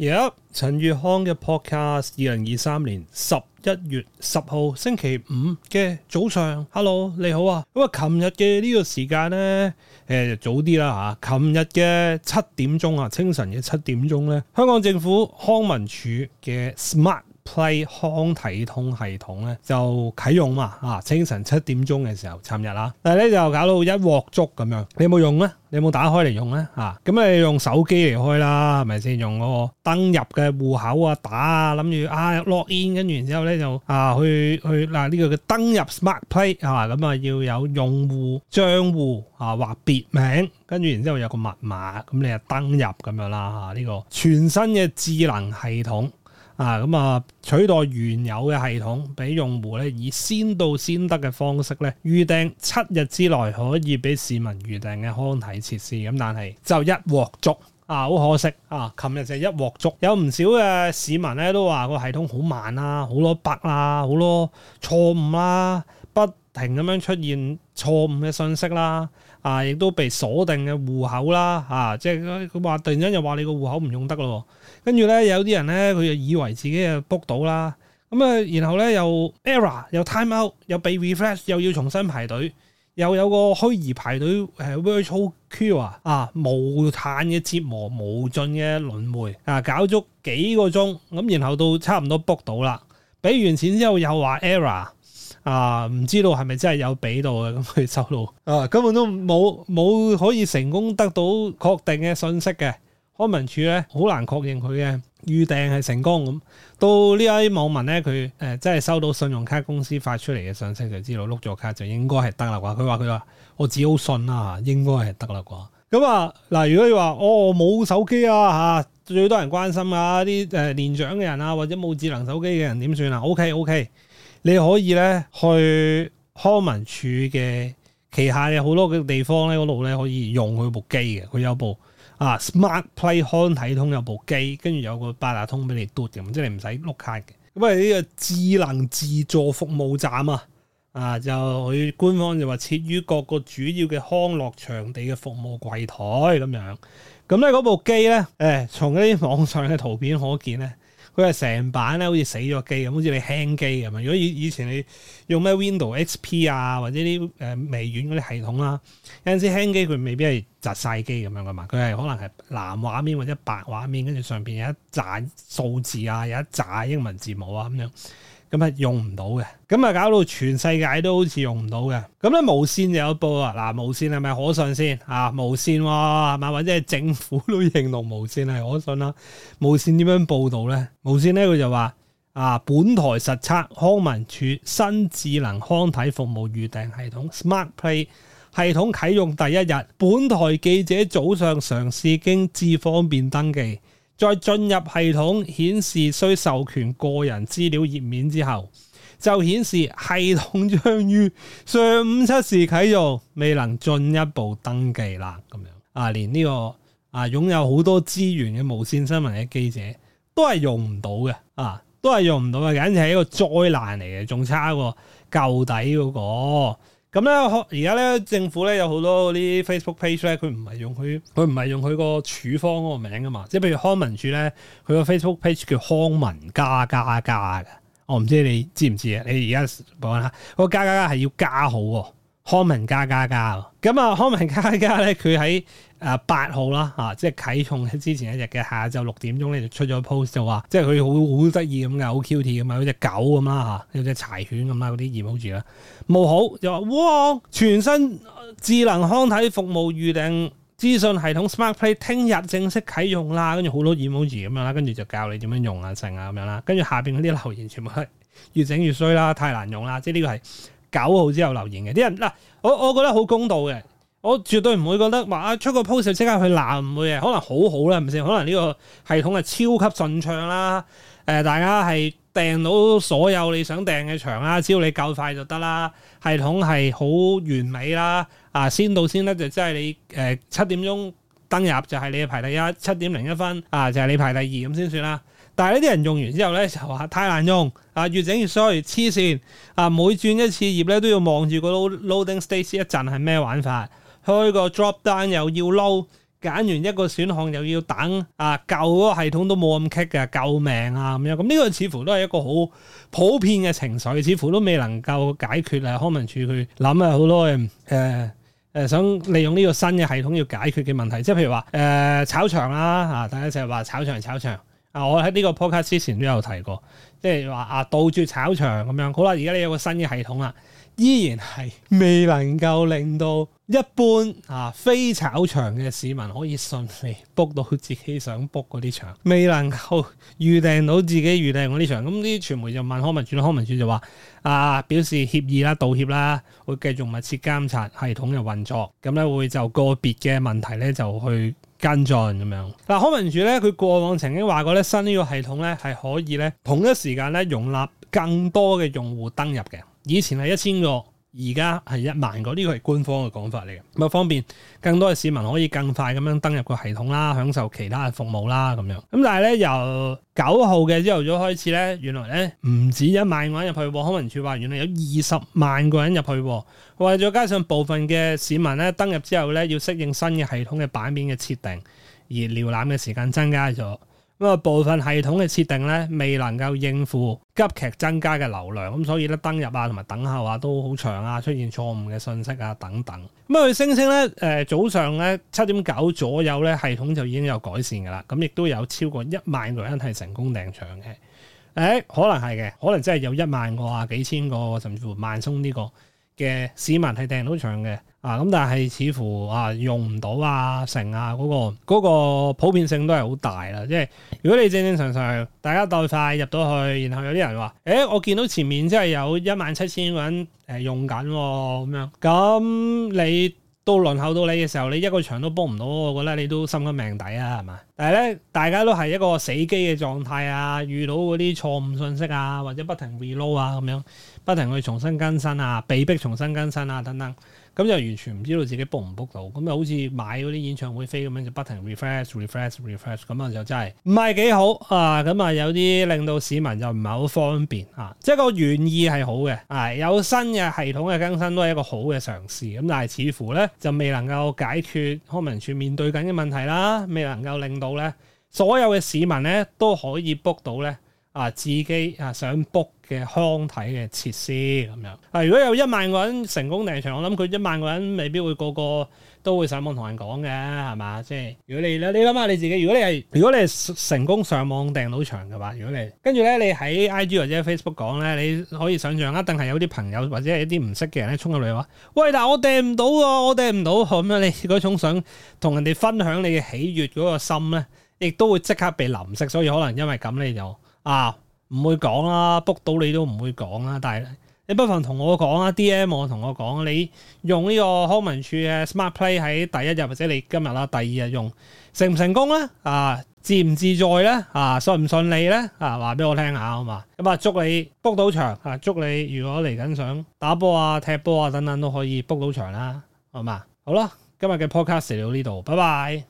Yep，陳宇康嘅 podcast，二零二三年十一月十號星期五嘅早上，Hello，你好啊，咁啊，琴日嘅呢個時間咧，誒、呃，就早啲啦吓，琴日嘅七點鐘啊，清晨嘅七點鐘咧，香港政府康文署嘅 Smart。Play 康體通系統咧就啟用嘛啊，清晨七點鐘嘅時候，尋日啦，但係咧就搞到一鑊粥咁樣，你有冇用咧？你有冇打開嚟用咧？啊，咁你用手機嚟開啦，係咪先？用個登入嘅戶口啊，打啊，諗住啊 login，跟住然之後咧就啊去去嗱呢個嘅登入 SmartPlay 啊，咁啊要有用戶賬戶啊或別名，跟住然之後有個密碼，咁你啊登入咁樣啦吓，呢個全新嘅智能系統。啊，咁啊取代原有嘅系統，俾用戶咧以先到先得嘅方式咧預訂七日之內可以俾市民預訂嘅康體設施，咁但係就一鍋粥，啊好可惜啊！琴日就一鍋粥，有唔少嘅市民咧都話個系統好慢啊，好多 bug 啊，好多錯誤啦，不停咁樣出現。錯誤嘅信息啦，啊，亦都被鎖定嘅戶口啦，啊，即係佢佢話突然之間又話你個戶口唔用得咯，跟住咧有啲人咧佢就以為自己又 book 到啦，咁啊，然後咧又 error 又 timeout 又被 refresh 又要重新排隊，又有個虛擬排隊誒、uh, virtual queue 啊，無限嘅折磨無盡嘅輪迴啊，搞咗幾個鐘咁、啊，然後到差唔多 book 到啦，俾完錢之後又話 error。啊，唔知道係咪真係有俾到嘅，咁佢收到， 啊，根本都冇冇可以成功得到確定嘅信息嘅，康文署咧好難確認佢嘅預訂係成功咁。到呢啲網民咧，佢誒、呃、真係收到信用卡公司發出嚟嘅信息，就知道碌咗卡就應該係得啦啩。佢話佢話我只好信啦，啊，應該係得啦啩。咁、嗯、啊嗱，如果你話哦冇手機啊嚇，啊，最多人關心啊啲誒年長嘅人啊，或者冇智能手機嘅人點算啊？OK，OK。你可以咧去康文署嘅旗下嘅好多嘅地方咧，嗰度咧可以用佢部機嘅，佢有部啊 SmartPLAY 康體通有部機，跟住有個八達通俾你嘟嘅，即係你唔使碌卡嘅。咁啊呢個智能自助服務站啊，啊就佢官方就話設於各個主要嘅康樂場地嘅服務櫃枱咁樣。咁咧部機咧，誒從啲網上嘅圖片可見咧。佢係成版咧，好似死咗機咁，好似你輕機咁啊！如果以以前你用咩 Windows XP 啊，或者啲誒微軟嗰啲系統啦、啊，有陣時輕機佢未必係窒晒機咁樣噶嘛，佢係可能係藍畫面或者白畫面，跟住上邊有一紮數字啊，有一紮英文字母啊咁樣。咁啊用唔到嘅，咁啊搞到全世界都好似用唔到嘅。咁咧無線就有報啊！嗱，無線係咪可信先啊？無線喎，係咪或者係政府都認同無線係可信啦？無線點樣報導咧？無線咧佢就話啊，本台實測康文署新智能康體服務預訂系統 SmartPlay 系統啟用第一日，本台記者早上嘗試經智方便登記。再進入系統顯示需授權個人資料頁面之後，就顯示系統將於上午七時啟用，未能進一步登記啦。咁樣啊，連呢個啊擁有好多資源嘅無線新聞嘅記者都係用唔到嘅啊，都係用唔到嘅，簡直係一個災難嚟嘅，仲差過舊底嗰個。咁咧，而家咧政府咧有好多嗰啲 Facebook page 咧，佢唔係用佢，佢唔係用佢個處方嗰個名噶嘛，即係譬如康文署咧，佢個 Facebook page 叫康文加加加嘅，我、哦、唔知你知唔知啊？你而家講下，個加加加係要加好喎、啊。康文加加加，咁啊康文加加咧，佢喺誒八號啦，啊即係啟用之前一日嘅下晝六點鐘咧就出咗 post 就話，即係佢好好得意咁嘅，好 cute 咁啊，好似隻狗咁啦，吓，有隻柴犬咁啦，嗰啲 emoji 啦，冇好就話哇，全新智能康體服務預訂資訊系統 Smart Play 聽日正式啟用啦，跟住好多 emoji 咁樣啦，跟住就教你點樣用啊成啊咁樣啦，跟住下邊嗰啲留言全部係越整越衰啦，太難用啦，即係呢個係。九號之後留言嘅啲人嗱，我我覺得好公道嘅，我絕對唔會覺得話啊出個 post 即刻去鬧，唔會嘅，可能好好啦，係咪先？可能呢個系統係超級順暢啦，誒、呃、大家係訂到所有你想訂嘅場啦，只要你夠快就得啦，系統係好完美啦，啊先到先得就即、是、係你誒七點鐘。呃登入就係你排第一七點零一分啊，就係你排第二咁先算啦。但係呢啲人用完之後咧，就話太難用啊，越整越衰，黐線啊！每轉一次頁咧，都要望住個 loading stage 一陣係咩玩法？開個 drop down 又要 load，揀完一個選項又要等啊！舊嗰個系統都冇咁棘嘅，救命啊咁樣！咁呢個似乎都係一個好普遍嘅情緒，似乎都未能夠解決啊！康文署去諗啊，好多誒。誒想利用呢個新嘅系統要解決嘅問題，即係譬如話誒炒場啦，嚇大家成日話炒場炒場，啊炒場炒場我喺呢個 podcast 之前都有提過，即係話啊倒轉炒場咁樣，好啦，而家你有個新嘅系統啦。依然係未能夠令到一般啊非炒場嘅市民可以順利 book 到自己想 book 嗰啲場，未能夠預訂到自己預訂嗰啲場。咁啲傳媒就問康文署，康文署就話啊，表示歉意啦、道歉啦，會繼續密切監察系統嘅運作，咁咧會就個別嘅問題咧就去跟進咁樣。嗱、啊，康文署咧佢過往曾經話過咧，新呢個系統咧係可以咧同一時間咧容納更多嘅用戶登入嘅。以前係一千個，而家係一萬個，呢個係官方嘅講法嚟嘅。咁方便更多嘅市民可以更快咁樣登入個系統啦，享受其他嘅服務啦，咁樣。咁但係咧，由九號嘅朝頭早開始咧，原來咧唔止一萬個人入去，康文署話原來有二十萬個人入去。為咗加上部分嘅市民咧登入之後咧要適應新嘅系統嘅版面嘅設定，而瀏覽嘅時間增加咗。咁啊，部分系統嘅設定咧，未能夠應付急劇增加嘅流量，咁所以咧登入啊，同埋等候啊都好長啊，出現錯誤嘅信息啊等等。咁佢聲稱咧，誒早上咧七點九左右咧，系統就已經有改善噶啦，咁亦都有超過一萬個人係成功訂場嘅。誒、欸，可能係嘅，可能真係有一萬個啊，幾千個甚至乎萬鬆呢個嘅市民係訂到場嘅。咁、啊、但係似乎啊用唔到啊成啊嗰、那個、那個普遍性都係好大啦，即、就、係、是、如果你正正常常大家代快入到去，然後有啲人話，誒、欸、我見到前面即係有一萬七千個人誒用緊、啊、咁樣，咁你到輪候到你嘅時候，你一個場都幫唔到，我覺得你都心甘命抵啊，係嘛？但係咧大家都係一個死機嘅狀態啊，遇到嗰啲錯誤信息啊，或者不停 reload 啊咁樣，不停去重新更新啊，被逼重新更新啊等等。咁就完全唔知道自己 book 唔 book 到，咁就好似買嗰啲演唱會飛咁樣，就不停 refresh、refresh、refresh，咁啊就真係唔係幾好啊！咁啊有啲令到市民就唔係好方便啊，即係個原意係好嘅啊，有新嘅系統嘅更新都係一個好嘅嘗試，咁但係似乎咧就未能夠解決康文署面對緊嘅問題啦，未能夠令到咧所有嘅市民咧都可以 book 到咧。啊，自己啊想 book 嘅康體嘅設施咁樣。啊，如果有一萬個人成功訂場，我諗佢一萬個人未必會個個都會上網同人講嘅，係嘛？即係如果你你諗下你自己，如果你係如果你係成功上網訂到場嘅話，如果你跟住咧你喺 IG 或者 Facebook 講咧，你可以想象一定係有啲朋友或者係一啲唔識嘅人咧，衝入嚟話：喂，嗱，我訂唔到啊，我訂唔到咁樣。你嗰種想同人哋分享你嘅喜悅嗰個心咧，亦都會即刻被淋熄。所以可能因為咁你就。啊，唔會講啦，book 到你都唔會講啦、啊。但係你不妨同我講啊，DM 我同我講啊，你用呢個康文處嘅 Smart Play 喺第一日或者你今日啦、啊，第二日用成唔成功咧？啊，自唔自在咧？啊，順唔順利咧？啊，話俾我聽下好嘛？咁啊，祝你 book 到場啊！祝你如果嚟緊想打波啊、踢波啊等等都可以 book 到場啦、啊，好嘛？好啦，今日嘅 podcast 到呢度，拜拜。